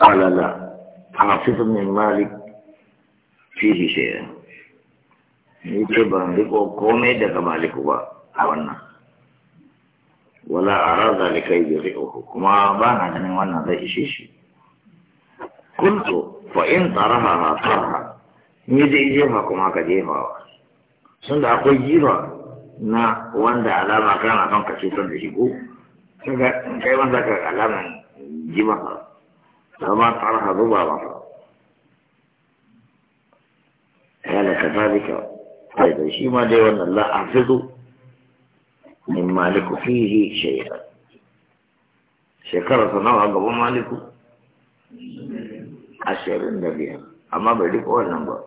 قال لا عاصف بن مالك فيه شيئا yake ba ni ko kome daga maliku ba a wannan wala a raza ne kai da zai uku ba na ganin wannan zai ishe shi kuntu fa na tsaraha ni dai jefa kuma ka jefa Sanda akwai jira na wanda alama kana kan ka ce da shi ko kai wanda ka alaman jima ka فما طرح ذبابا قال كذلك أيضا طيب، شيء ما دي وأن لا أحفظ من مالك فيه شيئا شكرة نوع أبو مالك عشرين دبيا أما بديك أول نمبر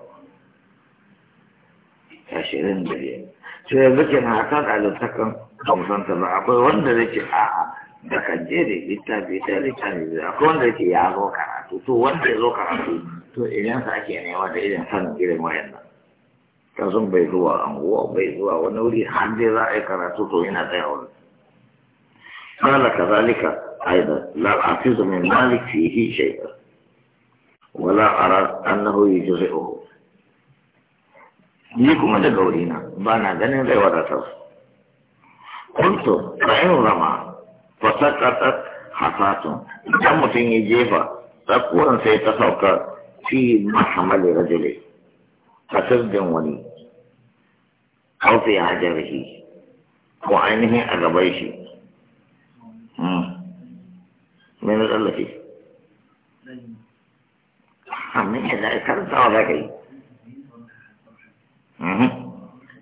عشرين دبيا شو يبكي أنا أعتقد على التكن خمسة سبعة أقول وأنا ذيك آه, آه. da kan je ita littafi ta littafi da akwai wanda yake ya zo karatu to wanda ya zo karatu to idan sa ake nema da irin sanin irin wayannan ta sun bai zuwa anguwa bai zuwa wani wuri har dai za a yi karatu to yana tsaya wani قال كذلك أيضا لا أعفز من مالك فيه شيئا ولا أرى أنه يجزئه لكم na قولنا بانا دنيا لا ولا قلت فإن رمى فسقطت حصاة كم تنجيبا تكون سيتسوق في محمل رجله فسرد أو في عجبه وعينه أغبيش من الألفي من إذا أكلت أو ذكي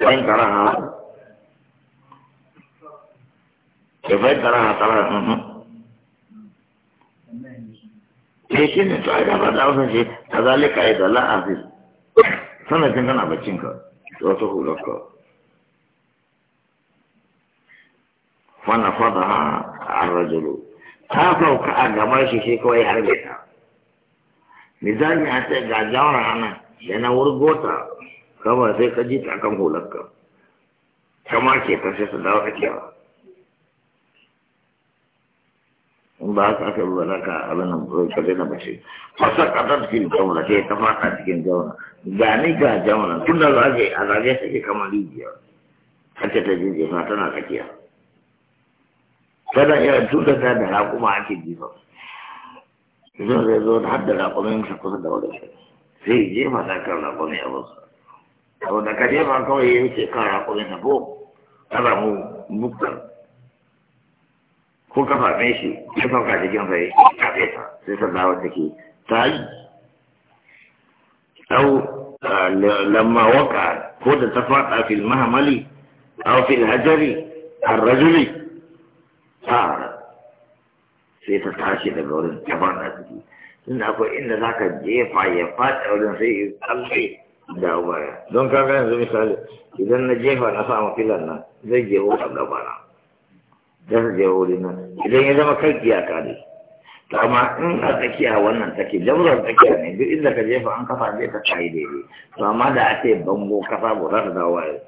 وإن ترى bai tara na tara ke shi ne to ai da faɗa wasan shi ta zalika ai da la'afi sana jin kana baccin ka da wata hular ka wannan fada a rajulu ta sauka a gama shi shi kawai har bai ta misali a ce ga jawar hana da na wurgota kawai sai ka ji ta kan kama ke ta sai su dawo a in ba haka aka yi ba za ka abin nan ka zai na mace fasa ƙasar cikin jauna ke ta fata cikin jauna ga ni ga jauna tun da zage a zage take kamar rijiya ake ta jinjefa tana tsakiya tana iya tun da ta da raƙuma ake jifa zai zai zo har da raƙumin shi kusa da wani sai jefa ta kan raƙumin abinsa abu da ka jefa kawai ya wuce kan raƙumin ta ko ta samu muktar ko kafa shi ya fauka cikin fari a fesa sai ta take ta ke. Ta yi au lamma waƙa, ko da ta faɗa fil mahamali a fil hajari a rajuli ta sai ta tashi daga wurin ta faɗa ciki inda akwai inda za ka jefa ya faɗa wurin sai ya tsalle da baya don kaga yanzu misali idan na jefa na sa filan nan zai jefa wa gabana za je wurin nan idan ya zama kai iyaka ne to amma in a tsakiya wannan take jamurar tsakiya ne duk inda ka jefa an kafa zai ka tsayi daidai to amma da a ce bango kafa ba za ta dawo yau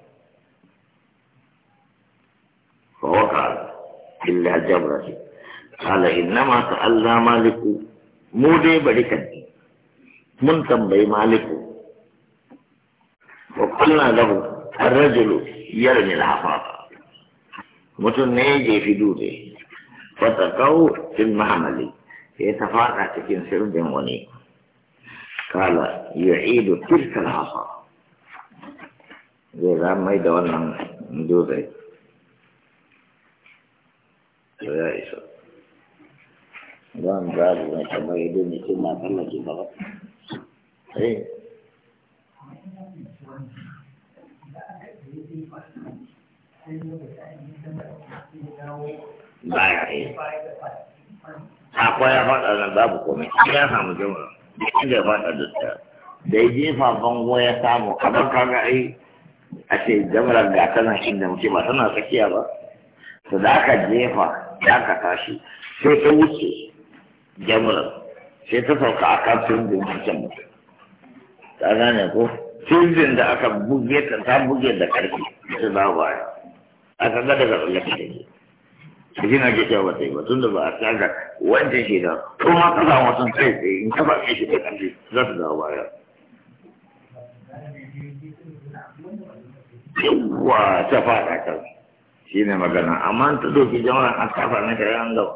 fa waka illa jamra ce kala innama ta Allah maliku mu dai bari kan mun tambayi maliku wa kullu lahu ar-rajulu yarmi al-hafafa mutum ne ya jefi dutse wata kawo fil mahamali ya ta faɗa cikin sirbin wani kala yu'idu tilka al-hasa zai za mai da wannan dutse to ya isa don babu mai kamar idan mutum na tsallake gaba eh Thank you. ba ya yi akwai ya faɗa nan babu komai ya samu jama'a da inda ya faɗa da ta da ya jefa bango ya samu kamar kaga ai a ce jama'a ga tana shi inda muke ba tana tsakiya ba to da aka jefa da aka tashi sai ta wuce jama'a sai ta sauka a kan tundin wancan mutum ta gane ko tundin da aka buge ta ta buge da ƙarfi ta za baya aka ga daga tsallake da ke da shi na ke cewa ta yi ba tun da ba a tsaka wancan shi da ko ma ka samu sun kai tsaye in kafa kai shi da kanji za su dawo baya yawwa ta faɗa kan shi ne magana amma ta doki jama'a a kafa na kayan gaba